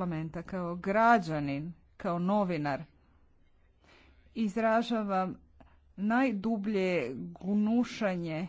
parlamenta kao građanin, kao novinar izražavam najdublje gnušanje